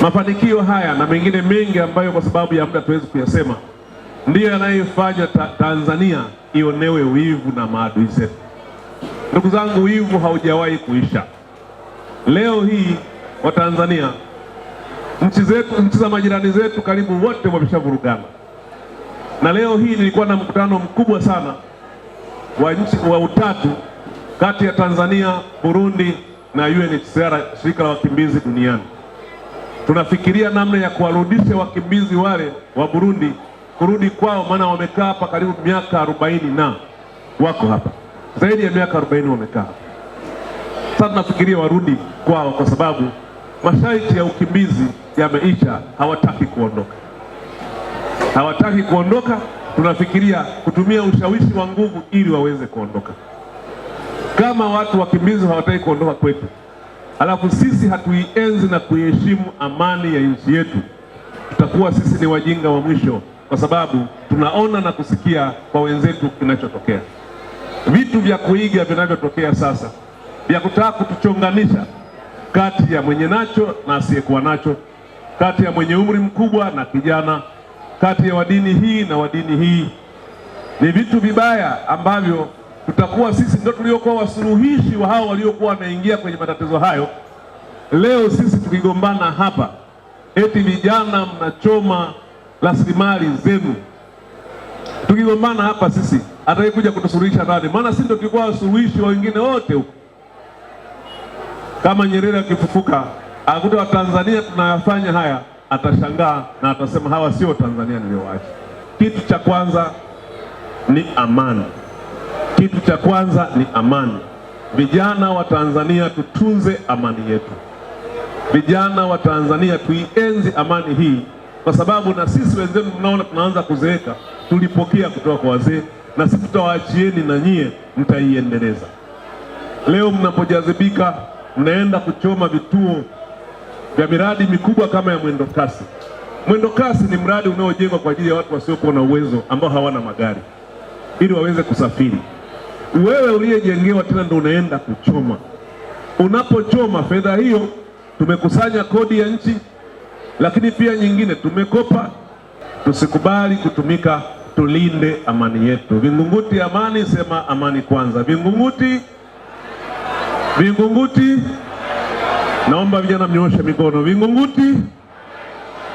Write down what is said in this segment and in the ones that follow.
Mafanikio haya na mengine mengi ambayo kwa sababu ya muda tuwezi kuyasema ndiyo yanayofanya ta Tanzania ionewe wivu na maadui zetu. Ndugu zangu, wivu haujawahi kuisha. Leo hii Tanzania, nchi zetu, nchi za majirani zetu karibu wote wameshavurugana, na leo hii nilikuwa na mkutano mkubwa sana wa nchi wa utatu kati ya Tanzania, Burundi na UNHCR, shirika la wakimbizi duniani tunafikiria namna ya kuwarudisha wakimbizi wale wa Burundi kurudi kwao, maana wamekaa hapa karibu miaka arobaini na wako hapa zaidi ya miaka arobaini wamekaa. Sasa tunafikiria warudi kwao, kwa sababu masharti ya ukimbizi yameisha, hawataki kuondoka, hawataki kuondoka. Tunafikiria kutumia ushawishi wa nguvu ili waweze kuondoka. Kama watu wakimbizi hawataki kuondoka kwetu alafu sisi hatuienzi na kuiheshimu amani ya nchi yetu, tutakuwa sisi ni wajinga wa mwisho, kwa sababu tunaona na kusikia kwa wenzetu kinachotokea. Vitu vya kuiga vinavyotokea sasa vya kutaka kutuchonganisha kati ya mwenye nacho na asiyekuwa nacho, kati ya mwenye umri mkubwa na kijana, kati ya wadini hii na wadini hii, ni vitu vibaya ambavyo tutakuwa sisi ndio tuliokuwa wasuluhishi wa hao waliokuwa wanaingia kwenye matatizo hayo. Leo sisi tukigombana hapa eti vijana mnachoma rasilimali zenu, tukigombana hapa sisi atakayekuja kutusuluhisha nani? Maana sisi ndio tulikuwa wasuluhishi wa wengine wote huko. Kama Nyerere akifufuka akuta Watanzania tunayafanya haya, atashangaa na atasema hawa sio Tanzania niliyowaacha. Kitu cha kwanza ni amani kitu cha kwanza ni amani. Vijana wa Tanzania tutunze amani yetu. Vijana wa Tanzania tuienzi amani hii, kwa sababu na sisi wenzenu tunaona tunaanza kuzeeka, tulipokea kutoka kwa wazee, na sisi tutawaachieni na nyie mtaiendeleza. Leo mnapojazibika, mnaenda kuchoma vituo vya miradi mikubwa kama ya mwendokasi. Mwendokasi ni mradi unaojengwa kwa ajili ya watu wasiokuwa na uwezo ambao hawana magari ili waweze kusafiri. Wewe uliyejengewa tena ndo unaenda kuchoma. Unapochoma fedha hiyo, tumekusanya kodi ya nchi, lakini pia nyingine tumekopa. Tusikubali kutumika, tulinde amani yetu. Vingunguti amani, sema amani kwanza. Vingunguti, Vingunguti. Naomba vijana mnyooshe mikono. Vingunguti,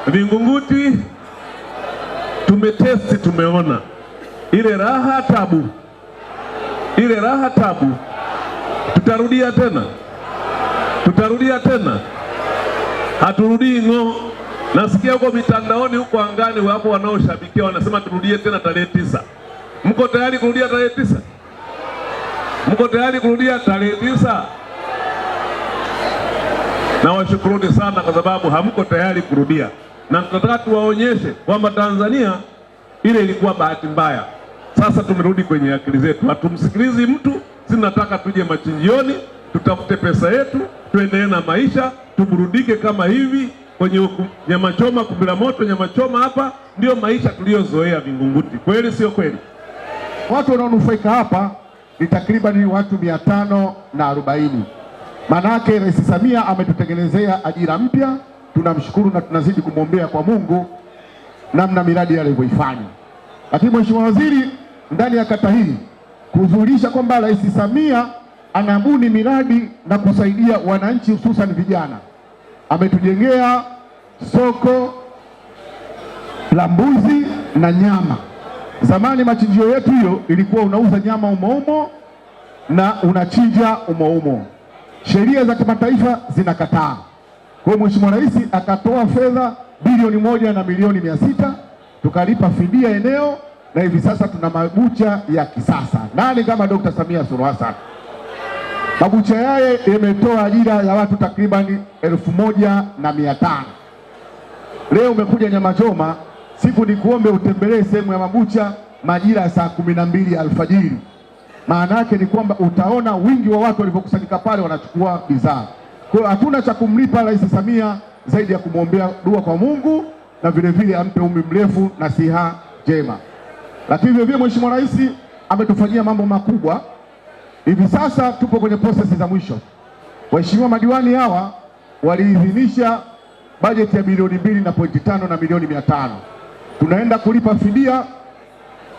Vingunguti. Tumetesti, tumeona ile raha, tabu ile raha tabu. Tutarudia tena, tutarudia tena, haturudii ng'o. Nasikia huko mitandaoni huko angani, wapo wanaoshabikia wanasema turudie tena tarehe tisa. Mko tayari kurudia tarehe tisa? Mko tayari kurudia tarehe tisa? Nawashukuruni sana kwa sababu hamko tayari kurudia, na tunataka tuwaonyeshe kwamba Tanzania ile ilikuwa bahati mbaya. Sasa tumerudi kwenye akili zetu, hatumsikilizi mtu. sinataka nataka tuje machinjioni, tutafute pesa yetu, tuendelee na maisha, tuburudike kama hivi kwenye nyama choma, kubila moto nyama choma hapa. Ndiyo maisha tuliyozoea Vingunguti, kweli sio kweli? Watu wanaonufaika hapa ni takribani watu mia tano na arobaini. Manake Rais Samia ametutengenezea ajira mpya, tunamshukuru na tunazidi kumwombea kwa Mungu namna miradi yalivyoifanya. Lakini Mheshimiwa Waziri ndani ya kata hii kuzulisha kwamba Rais Samia anabuni miradi na kusaidia wananchi hususan vijana. Ametujengea soko la mbuzi na nyama. Zamani machinjio yetu hiyo ilikuwa unauza nyama umoumo na unachinja umoumo, sheria za kimataifa zinakataa. Kwa hiyo Mheshimiwa Rais akatoa fedha bilioni moja na milioni mia sita tukalipa fidia eneo na hivi sasa tuna mabucha ya kisasa. Nani kama Dr. Samia Suluhu Hassan? Mabucha yaye yametoa ajira ya watu takribani elfu moja na mia tano. Leo umekuja nyama choma siku ni kuombe utembelee sehemu ya mabucha majira ya saa kumi na mbili alfajiri. Maana yake ni kwamba utaona wingi wa watu walivyokusanyika pale wanachukua bidhaa. Kwa hiyo hatuna cha kumlipa Rais Samia zaidi ya kumwombea dua kwa Mungu na vilevile ampe umri mrefu na siha njema. Lakini vile vile Mheshimiwa Rais ametufanyia mambo makubwa. Hivi sasa tupo kwenye prosesi za mwisho. Waheshimiwa madiwani hawa waliidhinisha bajeti ya bilioni mbili na pointi tano na milioni mia tano. Tunaenda kulipa fidia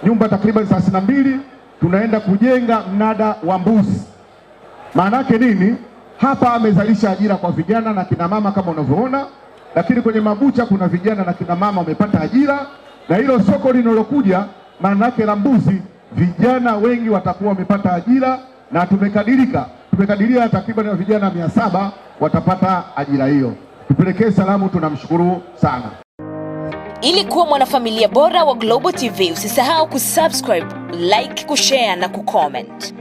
nyumba takriban thelathini na mbili. Tunaenda kujenga mnada wa mbuzi. Maana yake nini? Hapa amezalisha ajira kwa vijana na kina mama kama unavyoona, lakini kwenye mabucha kuna vijana na kina mama wamepata ajira, na hilo soko linalokuja Manake Mbuzi vijana wengi watakuwa wamepata ajira na tumekadirika tumekadiria takriban vijana mia saba watapata ajira hiyo. Tupelekee salamu, tunamshukuru sana. Ili kuwa mwanafamilia bora wa Global TV, usisahau kusubscribe, like, kushare na kucomment.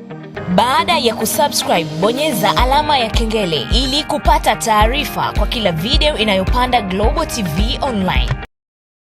Baada ya kusubscribe, bonyeza alama ya kengele ili kupata taarifa kwa kila video inayopanda Global TV Online.